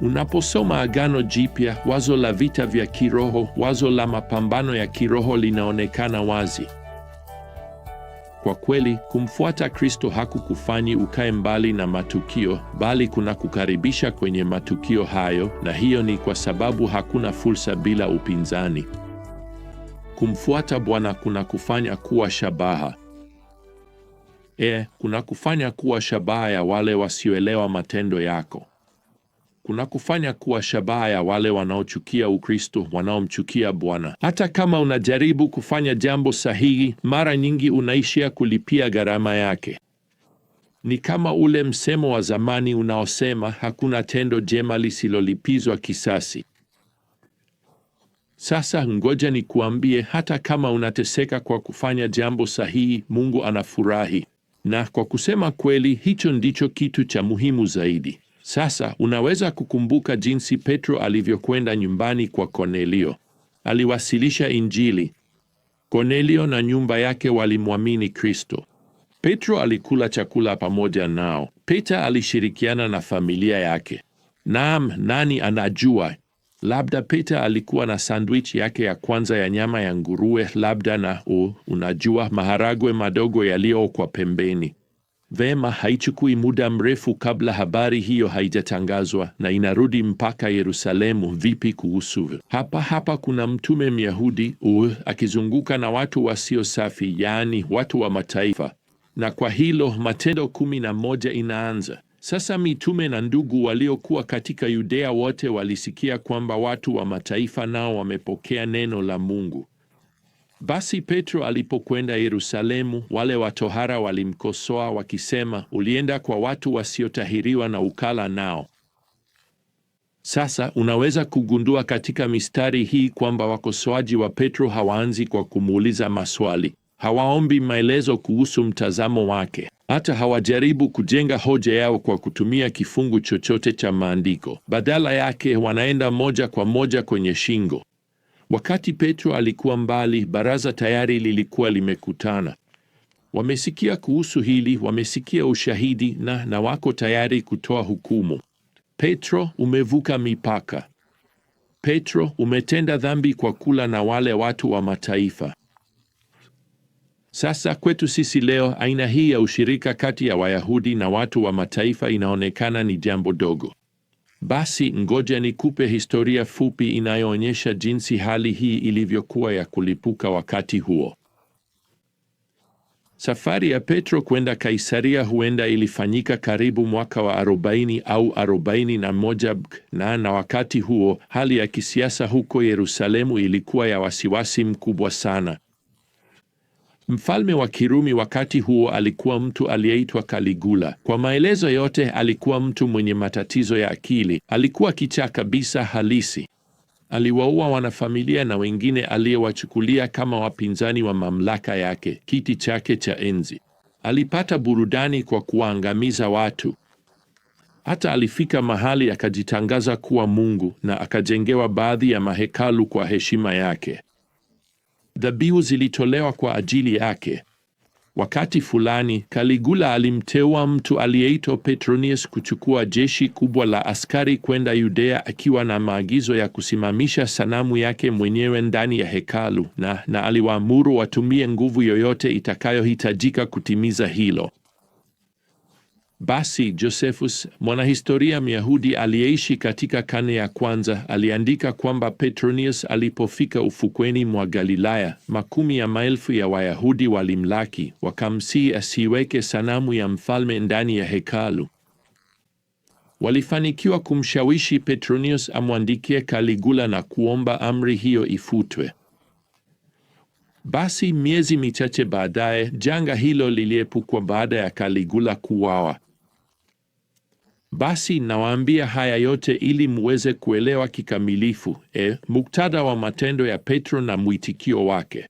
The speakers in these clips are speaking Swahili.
Unaposoma Agano Jipya, wazo la vita vya kiroho, wazo la mapambano ya kiroho linaonekana wazi. Kwa kweli, kumfuata Kristo hakukufanyi ukae mbali na matukio, bali kuna kukaribisha kwenye matukio hayo, na hiyo ni kwa sababu hakuna fursa bila upinzani. Kumfuata Bwana kuna kufanya kuwa shabaha e, kuna kufanya kuwa shabaha ya wale wasioelewa matendo yako kuna kufanya kuwa shabaha ya wale wanaochukia Ukristo, wanaomchukia Bwana. Hata kama unajaribu kufanya jambo sahihi, mara nyingi unaishia kulipia gharama yake. Ni kama ule msemo wa zamani unaosema hakuna tendo jema lisilolipizwa kisasi. Sasa ngoja nikuambie, hata kama unateseka kwa kufanya jambo sahihi, Mungu anafurahi. Na kwa kusema kweli, hicho ndicho kitu cha muhimu zaidi. Sasa unaweza kukumbuka jinsi Petro alivyokwenda nyumbani kwa Kornelio. Aliwasilisha Injili. Kornelio na nyumba yake walimwamini Kristo. Petro alikula chakula pamoja nao. pete alishirikiana na familia yake. Naam, nani anajua? Labda pete alikuwa na sandwich yake ya kwanza ya nyama ya nguruwe, labda na u, oh, unajua, maharagwe madogo yaliyookwa pembeni. Vema, haichukui muda mrefu kabla habari hiyo haijatangazwa na inarudi mpaka Yerusalemu. Vipi kuhusu hapa? Hapa kuna mtume Myahudi uh, akizunguka na watu wasio safi, yaani watu wa mataifa, na kwa hilo Matendo kumi na moja inaanza. Sasa mitume na ndugu waliokuwa katika Yudea wote walisikia kwamba watu wa mataifa nao wamepokea neno la Mungu. Basi Petro alipokwenda Yerusalemu, wale watohara walimkosoa wakisema, ulienda kwa watu wasiotahiriwa na ukala nao. Sasa unaweza kugundua katika mistari hii kwamba wakosoaji wa Petro hawaanzi kwa kumuuliza maswali. Hawaombi maelezo kuhusu mtazamo wake. Hata hawajaribu kujenga hoja yao kwa kutumia kifungu chochote cha maandiko. Badala yake, wanaenda moja kwa moja kwenye shingo. Wakati Petro alikuwa mbali, baraza tayari lilikuwa limekutana. Wamesikia kuhusu hili, wamesikia ushahidi na na wako tayari kutoa hukumu. Petro, umevuka mipaka. Petro, umetenda dhambi kwa kula na wale watu wa mataifa. Sasa kwetu sisi leo, aina hii ya ushirika kati ya Wayahudi na watu wa mataifa inaonekana ni jambo dogo. Basi ngoja nikupe historia fupi inayoonyesha jinsi hali hii ilivyokuwa ya kulipuka wakati huo. Safari ya Petro kwenda Kaisaria huenda ilifanyika karibu mwaka wa 40 au 41 na na wakati huo hali ya kisiasa huko Yerusalemu ilikuwa ya wasiwasi mkubwa sana. Mfalme wa Kirumi wakati huo alikuwa mtu aliyeitwa Kaligula. Kwa maelezo yote, alikuwa mtu mwenye matatizo ya akili. Alikuwa kichaa kabisa halisi. Aliwaua wanafamilia na wengine aliyewachukulia kama wapinzani wa mamlaka yake, kiti chake cha enzi. Alipata burudani kwa kuwaangamiza watu. Hata alifika mahali akajitangaza kuwa mungu na akajengewa baadhi ya mahekalu kwa heshima yake dhabihu zilitolewa kwa ajili yake. Wakati fulani Kaligula alimteua mtu aliyeitwa Petronius kuchukua jeshi kubwa la askari kwenda Yudea akiwa na maagizo ya kusimamisha sanamu yake mwenyewe ndani ya hekalu, na na aliwaamuru watumie nguvu yoyote itakayohitajika kutimiza hilo. Basi Josephus mwanahistoria Myahudi aliyeishi katika karne ya kwanza aliandika kwamba Petronius alipofika ufukweni mwa Galilaya, makumi ya maelfu ya Wayahudi walimlaki, wakamsihi asiweke sanamu ya mfalme ndani ya hekalu. Walifanikiwa kumshawishi Petronius amwandikie Kaligula na kuomba amri hiyo ifutwe. Basi miezi michache baadaye, janga hilo liliepukwa baada ya Kaligula kuuawa. Basi nawaambia haya yote ili muweze kuelewa kikamilifu e, muktadha wa matendo ya Petro na mwitikio wake.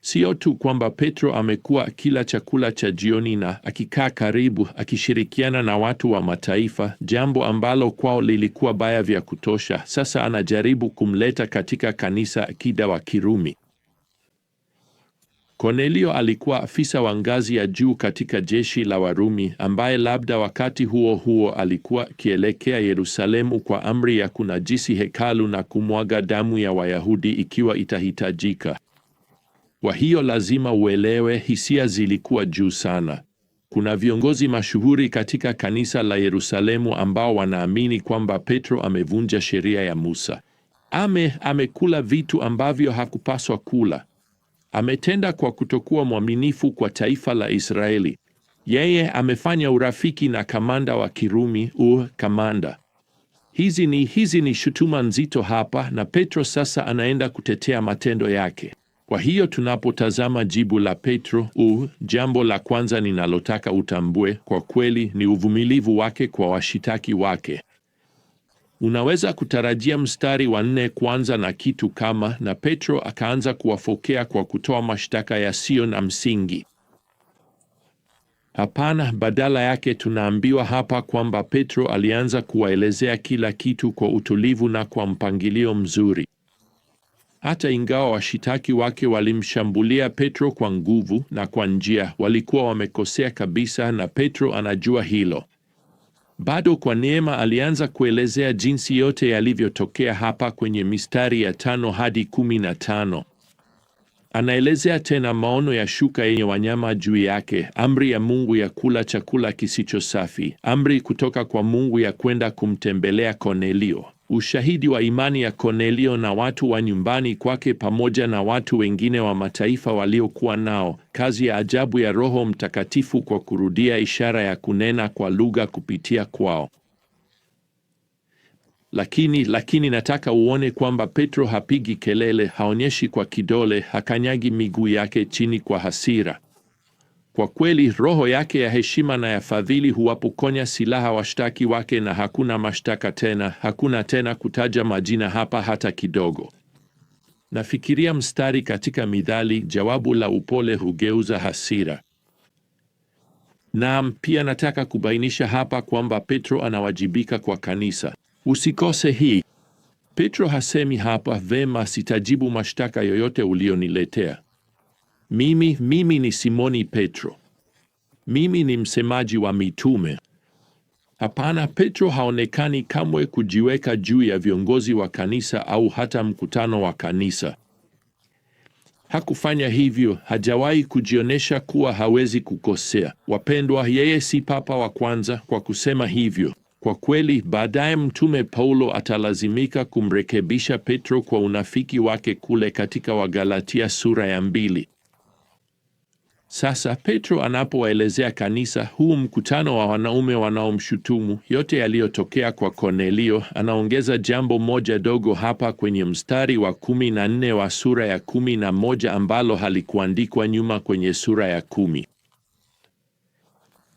Sio tu kwamba Petro amekuwa akila chakula cha jioni na akikaa karibu akishirikiana na watu wa mataifa, jambo ambalo kwao lilikuwa baya vya kutosha. Sasa anajaribu kumleta katika kanisa akida wa Kirumi. Kornelio alikuwa afisa wa ngazi ya juu katika jeshi la Warumi ambaye labda wakati huo huo alikuwa akielekea Yerusalemu kwa amri ya kunajisi hekalu na kumwaga damu ya Wayahudi ikiwa itahitajika. Kwa hiyo lazima uelewe, hisia zilikuwa juu sana. Kuna viongozi mashuhuri katika kanisa la Yerusalemu ambao wanaamini kwamba Petro amevunja sheria ya Musa. Ame amekula vitu ambavyo hakupaswa kula. Ametenda kwa kutokuwa mwaminifu kwa taifa la Israeli. Yeye amefanya urafiki na kamanda wa Kirumi u kamanda. Hizi ni hizi ni shutuma nzito hapa, na Petro sasa anaenda kutetea matendo yake. Kwa hiyo tunapotazama jibu la Petro u jambo la kwanza ninalotaka utambue kwa kweli ni uvumilivu wake kwa washitaki wake. Unaweza kutarajia mstari wa nne kuanza na kitu kama na Petro akaanza kuwafokea kwa kutoa mashtaka yasiyo na msingi. Hapana, badala yake tunaambiwa hapa kwamba Petro alianza kuwaelezea kila kitu kwa utulivu na kwa mpangilio mzuri. Hata ingawa washitaki wake walimshambulia Petro kwa nguvu na kwa njia, walikuwa wamekosea kabisa, na Petro anajua hilo. Bado kwa neema alianza kuelezea jinsi yote yalivyotokea hapa kwenye mistari ya tano hadi kumi na tano. Anaelezea tena maono ya shuka yenye wanyama juu yake, amri ya Mungu ya kula chakula kisicho safi, amri kutoka kwa Mungu ya kwenda kumtembelea Kornelio, Ushahidi wa imani ya Kornelio na watu wa nyumbani kwake pamoja na watu wengine wa mataifa waliokuwa nao, kazi ya ajabu ya Roho Mtakatifu kwa kurudia ishara ya kunena kwa lugha kupitia kwao. Lakini lakini nataka uone kwamba Petro hapigi kelele, haonyeshi kwa kidole, hakanyagi miguu yake chini kwa hasira. Kwa kweli roho yake ya heshima na ya fadhili huwapokonya silaha washtaki wake, na hakuna mashtaka tena, hakuna tena kutaja majina hapa hata kidogo. Nafikiria mstari katika Mithali, jawabu la upole hugeuza hasira. Naam, pia nataka kubainisha hapa kwamba Petro anawajibika kwa kanisa. Usikose hii. Petro hasemi hapa, vema, sitajibu mashtaka yoyote ulioniletea. Mimi mimi ni Simoni Petro, mimi ni msemaji wa mitume. Hapana, Petro haonekani kamwe kujiweka juu ya viongozi wa kanisa au hata mkutano wa kanisa. Hakufanya hivyo, hajawahi kujionyesha kuwa hawezi kukosea. Wapendwa, yeye si papa wa kwanza kwa kusema hivyo. Kwa kweli, baadaye mtume Paulo atalazimika kumrekebisha Petro kwa unafiki wake kule katika Wagalatia sura ya mbili. Sasa Petro anapowaelezea kanisa huu mkutano wa wanaume wanaomshutumu yote yaliyotokea kwa Kornelio, anaongeza jambo moja dogo hapa kwenye mstari wa kumi na nne wa sura ya kumi na moja ambalo halikuandikwa nyuma kwenye sura ya kumi.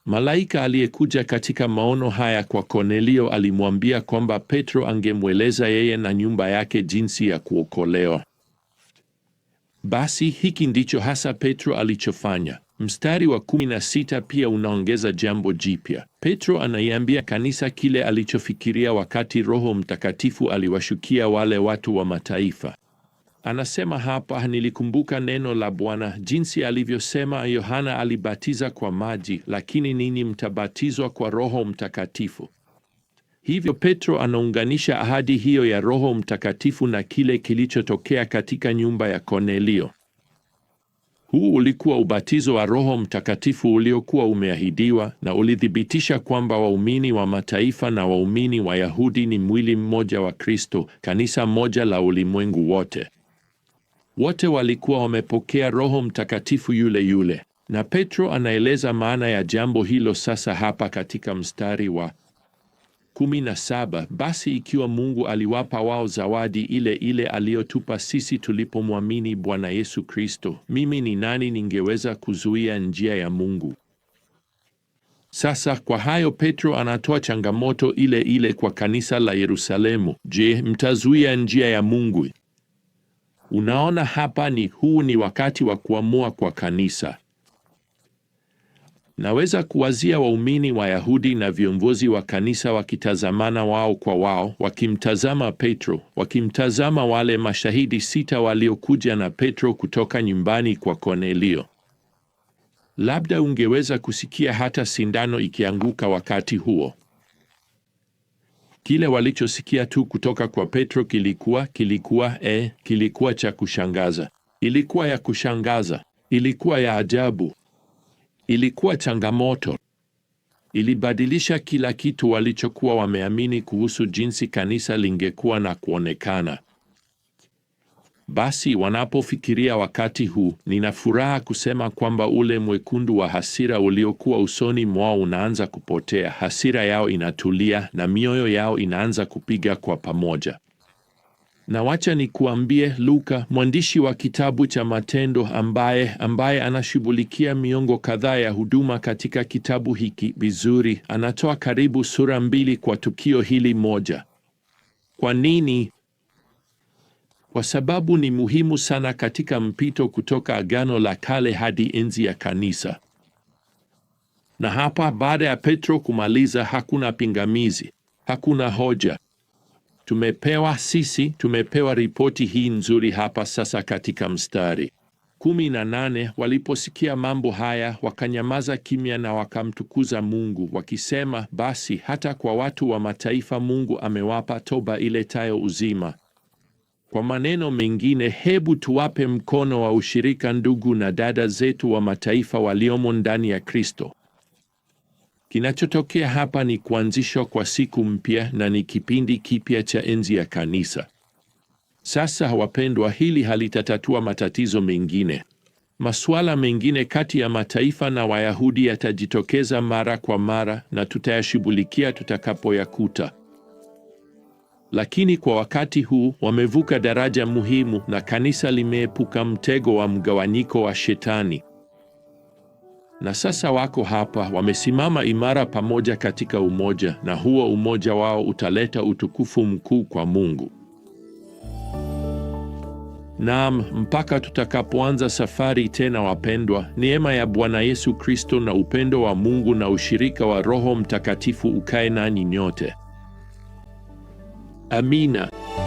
Malaika aliyekuja katika maono haya kwa Kornelio alimwambia kwamba Petro angemweleza yeye na nyumba yake jinsi ya kuokolewa. Basi hiki ndicho hasa Petro alichofanya. Mstari wa kumi na sita pia unaongeza jambo jipya. Petro anaiambia kanisa kile alichofikiria wakati Roho Mtakatifu aliwashukia wale watu wa mataifa. Anasema hapa, nilikumbuka neno la Bwana jinsi alivyosema, Yohana alibatiza kwa maji, lakini ninyi mtabatizwa kwa Roho Mtakatifu. Hivyo Petro anaunganisha ahadi hiyo ya Roho Mtakatifu na kile kilichotokea katika nyumba ya Kornelio. Huu ulikuwa ubatizo wa Roho Mtakatifu uliokuwa umeahidiwa na ulithibitisha kwamba waumini wa mataifa na waumini Wayahudi ni mwili mmoja wa Kristo, kanisa moja la ulimwengu wote. Wote walikuwa wamepokea Roho Mtakatifu yule yule, na Petro anaeleza maana ya jambo hilo sasa hapa katika mstari wa kumi na saba basi ikiwa Mungu aliwapa wao zawadi ile ile aliyotupa sisi tulipomwamini Bwana Yesu Kristo, mimi ni nani ningeweza kuzuia njia ya Mungu? Sasa kwa hayo Petro anatoa changamoto ile ile kwa kanisa la Yerusalemu. Je, mtazuia njia ya Mungu? Unaona, hapa ni huu ni wakati wa kuamua kwa kanisa. Naweza kuwazia waumini Wayahudi na viongozi wa kanisa wakitazamana wao kwa wao, wakimtazama Petro, wakimtazama wale mashahidi sita waliokuja na Petro kutoka nyumbani kwa Kornelio. Labda ungeweza kusikia hata sindano ikianguka wakati huo. Kile walichosikia tu kutoka kwa Petro kilikuwa kilikuwa eh, kilikuwa cha kushangaza. Ilikuwa ya kushangaza, ilikuwa ya ajabu. Ilikuwa changamoto. Ilibadilisha kila kitu walichokuwa wameamini kuhusu jinsi kanisa lingekuwa na kuonekana. Basi wanapofikiria wakati huu, nina furaha kusema kwamba ule mwekundu wa hasira uliokuwa usoni mwao unaanza kupotea, hasira yao inatulia na mioyo yao inaanza kupiga kwa pamoja. Na wacha nikuambie, Luka mwandishi wa kitabu cha Matendo ambaye ambaye anashughulikia miongo kadhaa ya huduma katika kitabu hiki vizuri, anatoa karibu sura mbili kwa tukio hili moja. Kwa nini? Kwa sababu ni muhimu sana katika mpito kutoka Agano la Kale hadi enzi ya Kanisa. Na hapa baada ya Petro kumaliza, hakuna pingamizi, hakuna hoja tumepewa sisi, tumepewa ripoti hii nzuri hapa sasa katika mstari kumi na nane. Waliposikia mambo haya wakanyamaza kimya na wakamtukuza Mungu wakisema, basi hata kwa watu wa mataifa Mungu amewapa toba iletayo uzima. Kwa maneno mengine, hebu tuwape mkono wa ushirika ndugu na dada zetu wa mataifa waliomo ndani ya Kristo. Kinachotokea hapa ni kuanzishwa kwa siku mpya na ni kipindi kipya cha enzi ya kanisa. Sasa wapendwa, hili halitatatua matatizo mengine. Masuala mengine kati ya mataifa na Wayahudi yatajitokeza mara kwa mara na tutayashughulikia tutakapoyakuta. Lakini kwa wakati huu wamevuka daraja muhimu na kanisa limeepuka mtego wa mgawanyiko wa Shetani na sasa wako hapa wamesimama imara pamoja katika umoja, na huo umoja wao utaleta utukufu mkuu kwa Mungu. Naam, mpaka tutakapoanza safari tena, wapendwa, neema ya Bwana Yesu Kristo na upendo wa Mungu na ushirika wa Roho Mtakatifu ukae nanyi nyote. Amina.